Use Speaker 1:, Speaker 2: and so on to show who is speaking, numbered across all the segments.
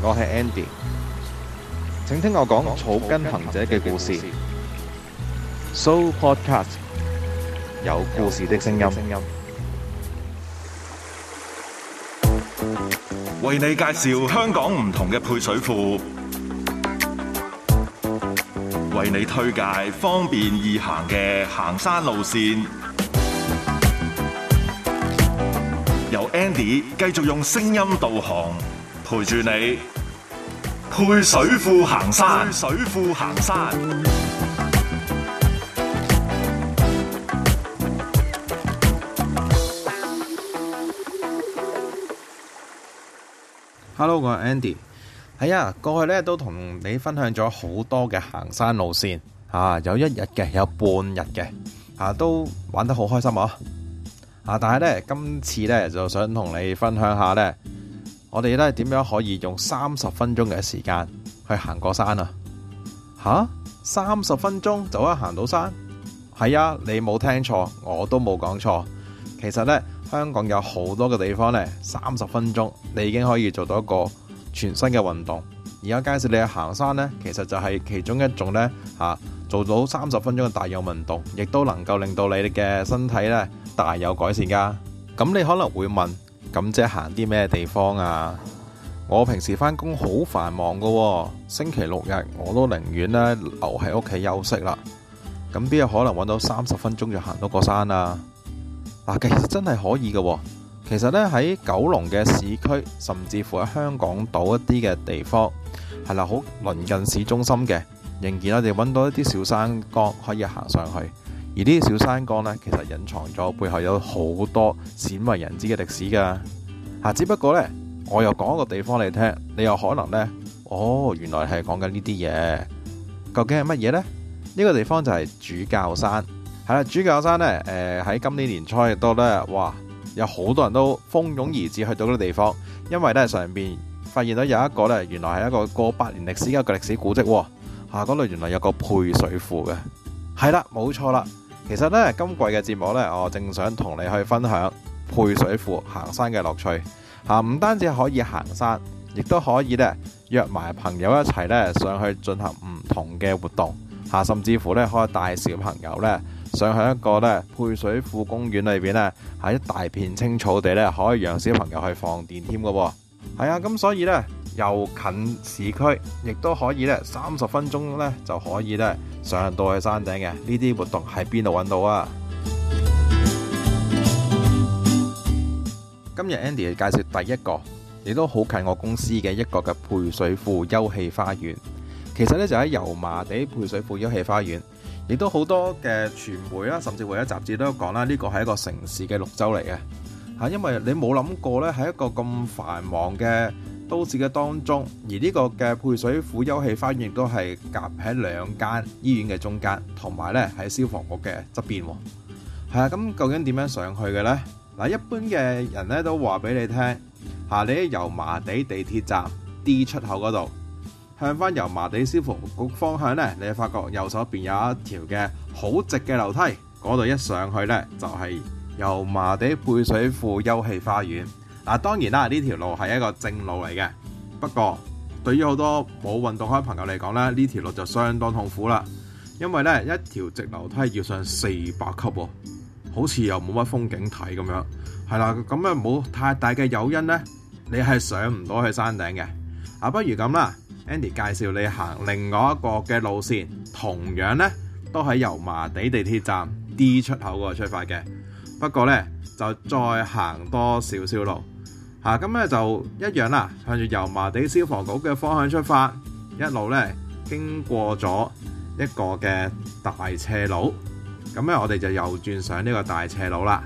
Speaker 1: 我係 Andy，請聽我講草根行者嘅故事。So Podcast 有故事的聲音，聲音為你介紹香港唔同嘅配水庫，為你推介方便易行嘅行山路線。由 Andy 繼續用聲音導航，陪住你。配水庫行山，配水庫行山。Hello，我係 Andy。哎呀，過去咧都同你分享咗好多嘅行山路綫啊，有一日嘅，有半日嘅啊，都玩得好開心啊！啊，但係咧今次咧就想同你分享一下咧。我哋咧點樣可以用三十分鐘嘅時間去行過山啊？吓、啊，三十分鐘就可以行到山？係啊，你冇聽錯，我都冇講錯。其實咧，香港有好多嘅地方咧，三十分鐘你已經可以做到一個全身嘅運動。而家介紹你去行山咧，其實就係其中一種咧吓、啊，做到三十分鐘嘅大有運動，亦都能夠令到你哋嘅身體咧大有改善噶。咁你可能會問？咁即係行啲咩地方啊？我平時返工好繁忙㗎喎。星期六日我都寧願咧留喺屋企休息啦。咁邊有可能搵到三十分鐘就行到個山啊？嗱，其實真係可以㗎喎。其實呢，喺九龍嘅市區，甚至乎喺香港島一啲嘅地方，係啦，好鄰近市中心嘅，仍然我哋搵到一啲小山崗，可以行上去。而呢啲小山崗呢，其實隱藏咗背後有好多鮮為人知嘅歷史噶。吓，只不過呢，我又講一個地方嚟聽,你有可能呢，哦，原來係講緊呢啲嘢。究竟係乜嘢呢？呢個地方就係主教山。係啦，主教山呢，誒、呃，喺今年年初亦都呢，哇，有好多人都蜂擁而至去到嗰個地方，因為呢上邊發現到有一個呢，原來係一個過百年歷史嘅一個歷史古蹟。吓、啊，嗰度原來有個配水庫嘅。係啦，冇錯啦。其實呢，今季嘅節目呢，我正想同你去分享配水庫行山嘅樂趣。吓、啊，唔單止可以行山，亦都可以呢，約埋朋友一齊呢上去進行唔同嘅活動。吓、啊，甚至乎呢，可以帶小朋友呢上去一個呢，配水庫公園裏邊呢，喺一大片青草地呢，可以讓小朋友去放電添嘅。係啊，咁所以呢。又近市區，亦都可以咧，三十分鐘咧就可以咧上到去山頂嘅。呢啲活動喺邊度揾到啊？今日 Andy 介紹第一個，亦都好近我公司嘅一個嘅配水庫休憩花園。其實咧就喺油麻地配水庫休憩花園，亦都好多嘅傳媒啦，甚至會有雜誌都講啦，呢個係一個城市嘅綠洲嚟嘅嚇。因為你冇諗過咧，喺一個咁繁忙嘅～都市嘅當中，而呢個嘅配水庫休憩花園亦都係夾喺兩間醫院嘅中間，同埋呢喺消防局嘅側邊。係啊，咁究竟點樣上去嘅呢？嗱，一般嘅人呢都話俾你聽，吓你喺油麻地地鐵站 D 出口嗰度，向翻油麻地消防局方向呢，你發覺右手邊有一條嘅好直嘅樓梯，嗰度一上去呢，就係油麻地配水庫休憩花園。嗱，當然啦，呢條路係一個正路嚟嘅。不過，對於好多冇運動開朋友嚟講咧，呢條路就相當痛苦啦。因為呢一條直樓梯要上四百級，好似又冇乜風景睇咁樣。係啦，咁樣冇太大嘅誘因呢，你係上唔到去山頂嘅。啊，不如咁啦，Andy 介紹你行另外一個嘅路線，同樣呢都喺油麻地地鐵站 D 出口嗰度出發嘅。不過呢，就再行多少少路。咁咧、啊、就一樣啦，向住油麻地消防局嘅方向出發，一路咧經過咗一個嘅大斜路，咁咧我哋就右轉上呢個大斜路啦。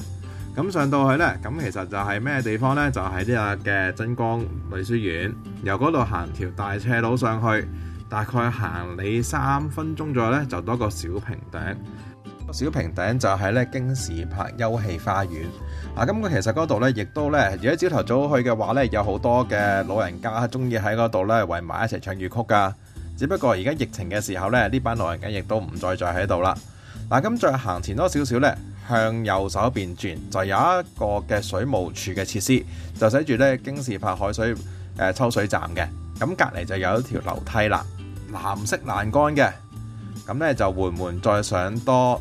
Speaker 1: 咁上到去呢，咁其實就係咩地方呢？就係、是、呢個嘅真光女書院，由嗰度行條大斜路上去，大概行你三分鐘左右呢，就多個小平頂。小平頂就係咧京士柏休憩花園嗱，咁佢其實嗰度咧，亦都咧，如果朝頭早去嘅話咧，有好多嘅老人家中意喺嗰度咧圍埋一齊唱粵曲噶。只不過而家疫情嘅時候咧，呢班老人家亦都唔再再喺度啦。嗱，咁再行前多少少咧，向右手邊轉就有一個嘅水務處嘅設施，就寫住咧京士柏海水誒抽水站嘅。咁隔離就有一條樓梯啦，藍色欄杆嘅。咁咧就緩緩再上多。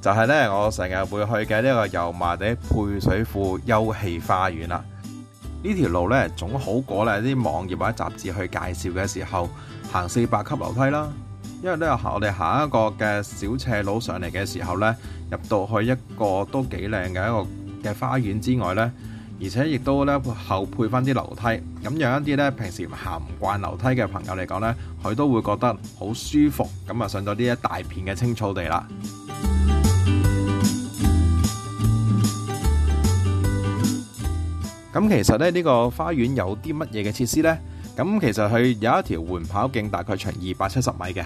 Speaker 1: 就係呢，我成日會去嘅呢個油麻地配水庫休憩花園啦。呢條路呢，總好過呢啲網頁或者雜誌去介紹嘅時候行四百級樓梯啦。因為呢，我哋行一個嘅小斜路上嚟嘅時候呢，入到去一個都幾靚嘅一個嘅花園之外呢，而且亦都呢後配翻啲樓梯咁，有一啲呢，平時行唔慣的樓梯嘅朋友嚟講呢，佢都會覺得好舒服咁啊，上到呢一大片嘅青草地啦。咁其實咧，呢個花園有啲乜嘢嘅設施呢？咁其實佢有一條緩跑徑，大概長二百七十米嘅。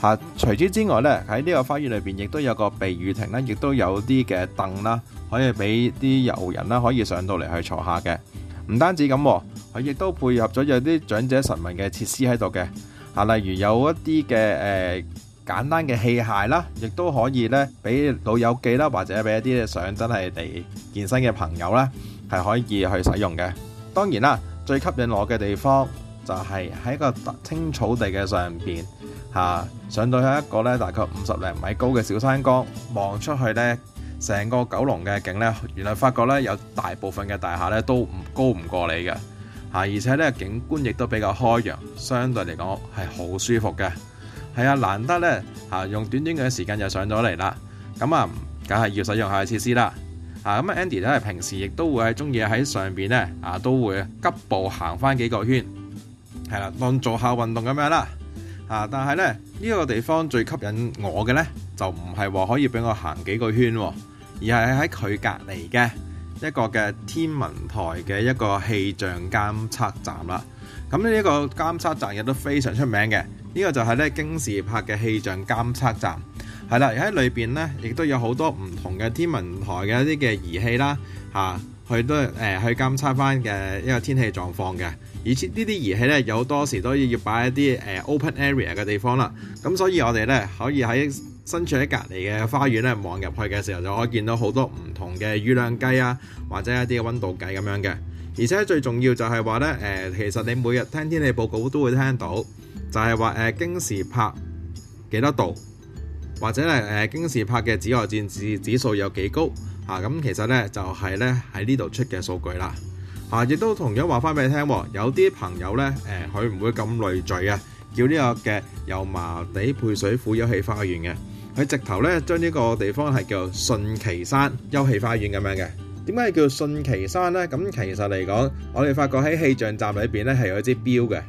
Speaker 1: 嚇，除此之外呢，喺呢個花園裏面亦都有個避雨亭啦，亦都有啲嘅凳啦，可以俾啲遊人啦，可以上到嚟去坐下嘅。唔單止咁，佢亦都配合咗有啲長者神明嘅設施喺度嘅。例如有一啲嘅誒簡單嘅器械啦，亦都可以呢，俾老友記啦，或者俾一啲想真係嚟健身嘅朋友啦。係可以去使用嘅。當然啦，最吸引我嘅地方就係喺個青草地嘅上邊，嚇、啊、上到去一個咧大概五十零米高嘅小山崗，望出去呢成個九龍嘅景呢，原來發覺呢有大部分嘅大廈呢都唔高唔過你嘅，嚇、啊、而且呢，景觀亦都比較開揚，相對嚟講係好舒服嘅。係啊，難得呢，嚇、啊、用短短嘅時間就上咗嚟啦，咁啊梗係要使用下嘅設施啦。啊咁 Andy 都平時亦都會喺中意喺上邊咧，啊都會急步行翻幾個圈，係啦，當做下運動咁樣啦。啊，但係咧呢個地方最吸引我嘅咧，就唔係話可以俾我行幾個圈，而係喺佢隔離嘅一個嘅天文台嘅一個氣象監測站啦。咁呢一個監測站亦都非常出名嘅，呢個就係咧京士柏嘅氣象監測站。係啦，喺裏邊咧，亦都有好多唔同嘅天文台嘅一啲嘅儀器啦，吓、啊，去都誒、呃、去監測翻嘅一個天氣狀況嘅。而且呢啲儀器咧，有多時都要要擺一啲誒、呃、open area 嘅地方啦。咁所以我哋咧可以喺身處喺隔籬嘅花園咧望入去嘅時候，就可以見到好多唔同嘅雨量計啊，或者一啲嘅溫度計咁樣嘅。而且最重要就係話咧，誒、呃，其實你每日聽天氣報告都會聽到就是，就係話誒京士柏幾多少度。或者咧誒京士柏嘅紫外線指指數有幾高咁、啊、其實咧就係咧喺呢度出嘅數據啦，亦都同樣話翻俾你聽，有啲朋友咧佢唔會咁累贅呀，叫呢個嘅油麻地配水庫休憩花園嘅，佢直頭咧將呢個地方係叫順其山休憩花園咁樣嘅。點解叫順其山咧？咁其實嚟講，我哋發覺喺氣象站裏面咧係有一支標嘅。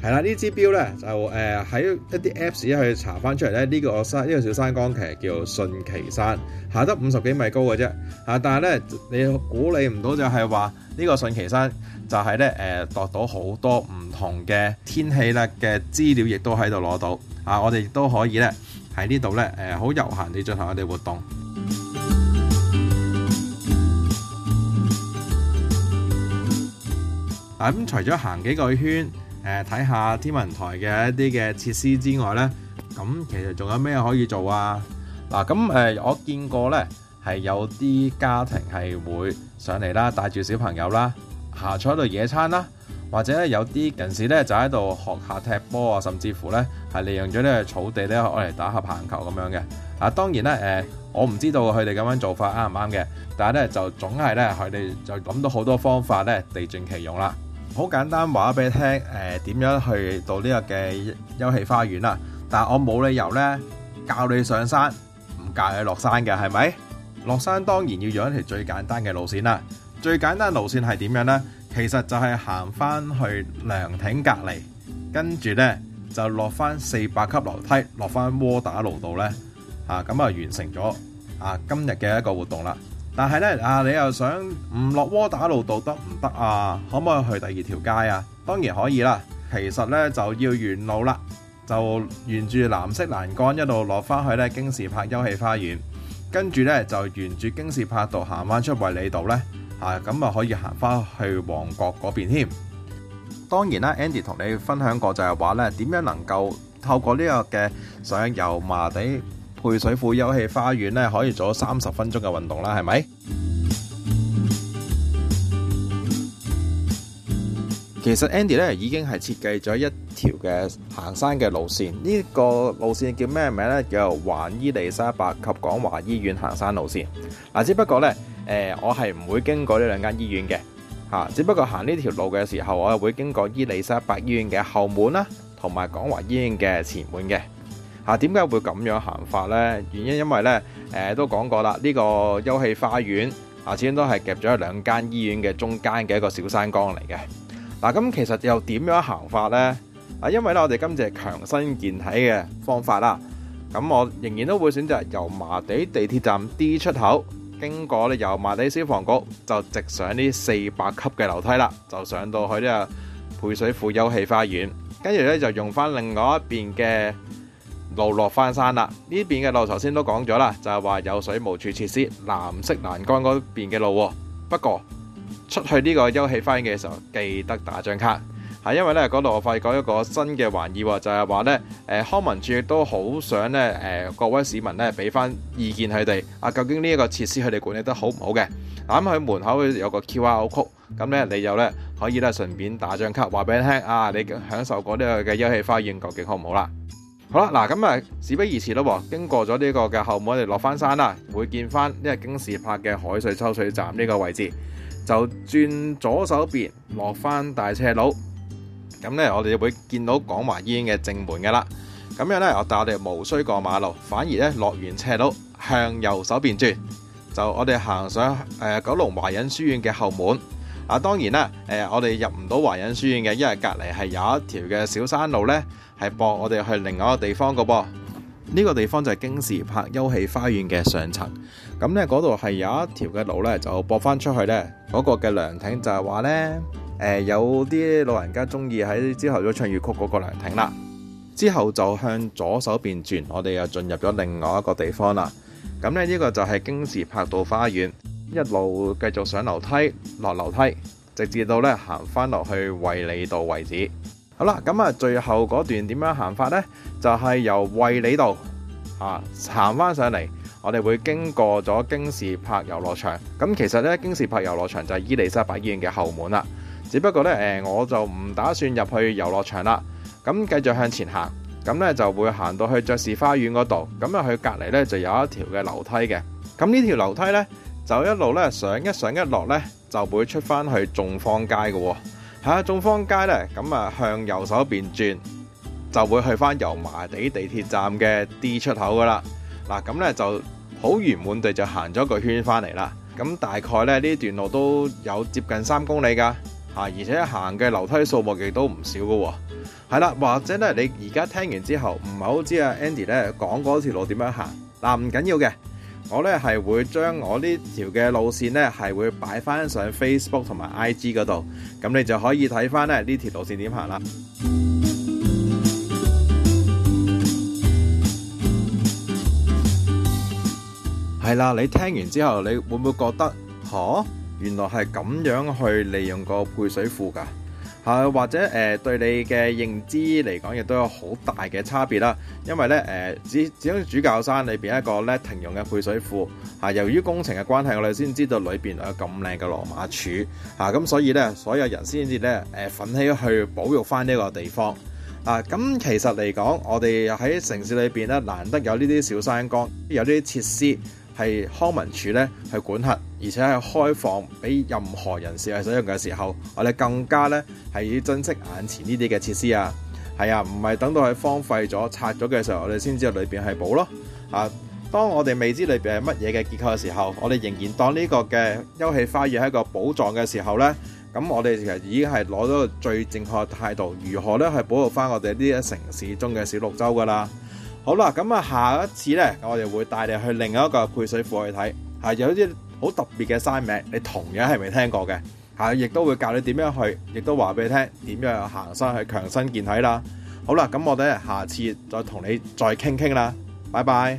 Speaker 1: 係啦，對這支標呢支標咧就誒喺一啲 Apps 去查翻出嚟咧，呢、這個山呢、這個小山崗其實叫順旗山，行得五十幾米高嘅啫。啊，但係咧你估你唔到就係話呢個順旗山就係咧誒度到好多唔同嘅天氣啦嘅資料，亦都喺度攞到。啊，我哋亦都可以咧喺呢度咧誒好悠閒地進行我哋活動。咁、嗯、除咗行幾個圈。誒，睇下天文台嘅一啲嘅設施之外咧，咁其實仲有咩可以做啊？嗱，咁、呃、誒，我見過咧係有啲家庭係會上嚟啦，帶住小朋友啦，下坐喺度野餐啦，或者咧有啲人士咧就喺度學下踢波啊，甚至乎咧係利用咗呢個草地咧，用嚟打下棒球咁樣嘅。嗱、啊，當然咧，誒、呃，我唔知道佢哋咁樣做法啱唔啱嘅，但係咧就總係咧佢哋就諗到好多方法咧，地盡其用啦。好簡單話俾你聽，誒、呃，點樣去到呢個嘅休憩花園啦、啊？但係我冇理由呢教你上山，唔教你落山嘅，係咪？落山當然要用一條最簡單嘅路線啦。最簡單路線係點樣呢？其實就係行翻去涼亭隔離，跟住呢就落翻四百級樓梯，落翻窩打老道呢。啊，咁啊完成咗啊今日嘅一個活動啦。但係咧啊，你又想唔落窩打老道得唔得啊？可唔可以去第二條街啊？當然可以啦。其實咧就要沿路啦，就沿住藍色欄杆一路落翻去咧京士柏休憩花園，跟住咧就沿住京士柏道行翻出衛理道咧，嚇咁啊就可以行翻去旺角嗰邊添。當然啦，Andy 同你分享過就係話咧，點樣能夠透過呢個嘅上油麻地配水庫休憩花園咧，可以做三十分鐘嘅運動啦，係咪？其實 Andy 咧已經係設計咗一條嘅行山嘅路線，呢個路線叫咩名咧？叫環伊麗莎白及廣華醫院行山路線。嗱，只不過咧，誒，我係唔會經過呢兩間醫院嘅，吓，只不過行呢條路嘅時候，我又會經過伊麗莎白醫院嘅後門啦，同埋廣華醫院嘅前門嘅。啊，點解會咁樣行法呢？原因因為呢誒、呃、都講過啦。呢、呢個休憩花園啊，始終都係夾咗一兩間醫院嘅中間嘅一個小山崗嚟嘅。嗱、啊，咁其實又點樣行法呢？啊，因為咧，我哋今次係強身健體嘅方法啦。咁我仍然都會選擇油麻地地鐵站 D 出口經過咧，油麻地消防局就直上呢四百級嘅樓梯啦，就上到去呢個配水庫休憩花園，跟住呢，就用返另外一邊嘅。路落翻山啦，呢邊嘅路頭先都講咗啦，就係話有水無處設施，藍色欄杆嗰邊嘅路。不過出去呢個休憩花園嘅時候，記得打張卡，係因為呢嗰度我發覺一個新嘅玩意，就係話呢，康文署都好想呢，誒、各位市民呢，俾翻意見佢哋，啊，究竟呢一個設施佢哋管理得好唔好嘅？咁佢門口有個 QR code，咁呢你又呢可以咧順便打張卡，話俾你聽啊，你享受過呢個嘅休憩花園究竟好唔好啦？好啦，嗱咁啊，事不宜遲咯。經過咗呢個嘅後門，我哋落翻山啦，會見翻呢個京士柏嘅海水抽水站呢個位置，就轉左手邊落翻大斜路。咁呢，我哋就會見到廣華醫院嘅正門嘅啦。咁樣呢，我我哋無需過馬路，反而呢，落完斜路向右手邊轉，就我哋行上、呃、九龍華仁書院嘅後門。嗱，當然啦，誒，我哋入唔到華仁書院嘅，因為隔離係有一條嘅小山路呢係駁我哋去另外一個地方個噃。呢、這個地方就係京士柏休憩花園嘅上層。咁呢嗰度係有一條嘅路呢，就駁翻出去呢嗰、那個嘅涼亭就係話呢，誒，有啲老人家中意喺朝頭早唱粵曲嗰個涼亭啦。之後就向左手邊轉，我哋又進入咗另外一個地方啦。咁呢，呢個就係京士柏道花園。一路繼續上樓梯，落樓梯，直至到咧行翻落去衛理道為止。好啦，咁啊，最後嗰段點樣行法呢？就係由衛理道啊行翻上嚟，我哋會經過咗京士柏遊樂場。咁其實咧，京士柏遊樂場就係伊利沙伯醫院嘅後門啦。只不過呢，誒，我就唔打算入去遊樂場啦。咁繼續向前行，咁呢就會行到去爵士花園嗰度。咁啊，去隔籬呢，就有一條嘅樓梯嘅。咁呢條樓梯呢。就一路咧上一上一落咧，就會出翻去眾坊街嘅喎、哦。嚇，眾坊街咧，咁啊向右手邊轉，就會去翻油麻地地鐵站嘅 D 出口噶啦。嗱，咁咧就好圓滿地就行咗個圈翻嚟啦。咁大概咧呢這段路都有接近三公里噶，吓而且行嘅樓梯數目亦都唔少嘅、哦。係啦，或者咧你而家聽完之後唔係好知啊 Andy 咧講嗰條路點樣行嗱，唔緊要嘅。我咧係會將我呢我呢條嘅路線咧係會擺翻上 Facebook 同埋 IG 嗰度，咁你就可以睇翻咧呢條路線點行啦。係啦，你聽完之後，你會唔會覺得吓、哦？原來係咁樣去利用個配水庫㗎？啊，或者誒對你嘅認知嚟講，亦都有好大嘅差別啦。因為咧誒，只只係主教山裏邊一個咧停用嘅配水庫。嚇，由於工程嘅關係，我哋先知道裏邊有咁靚嘅羅馬柱。嚇，咁所以咧，所有人先至咧誒奮起去保育翻呢個地方。啊，咁其實嚟講，我哋喺城市裏邊咧，難得有呢啲小山崗，有啲設施。係康文署咧去管轄，而且係開放俾任何人士去使用嘅時候，我哋更加咧係要珍惜眼前呢啲嘅設施啊！係啊，唔係等到佢荒廢咗、拆咗嘅時候，我哋先知道裏邊係寶咯啊！當我哋未知裏邊係乜嘢嘅結構嘅時候，我哋仍然當呢個嘅休憩花園係一個寶藏嘅時候咧，咁我哋其實已經係攞到最正確嘅態度，如何咧去保護翻我哋呢啲城市中嘅小綠洲㗎啦！好啦，咁啊，下一次咧，我哋會帶你去另一個配水庫去睇，有啲好特別嘅山名，你同樣係未聽過嘅，吓亦都會教你點樣去，亦都話俾你聽點樣行山去強身健體啦。好啦，咁我哋下次再同你再傾傾啦，拜拜。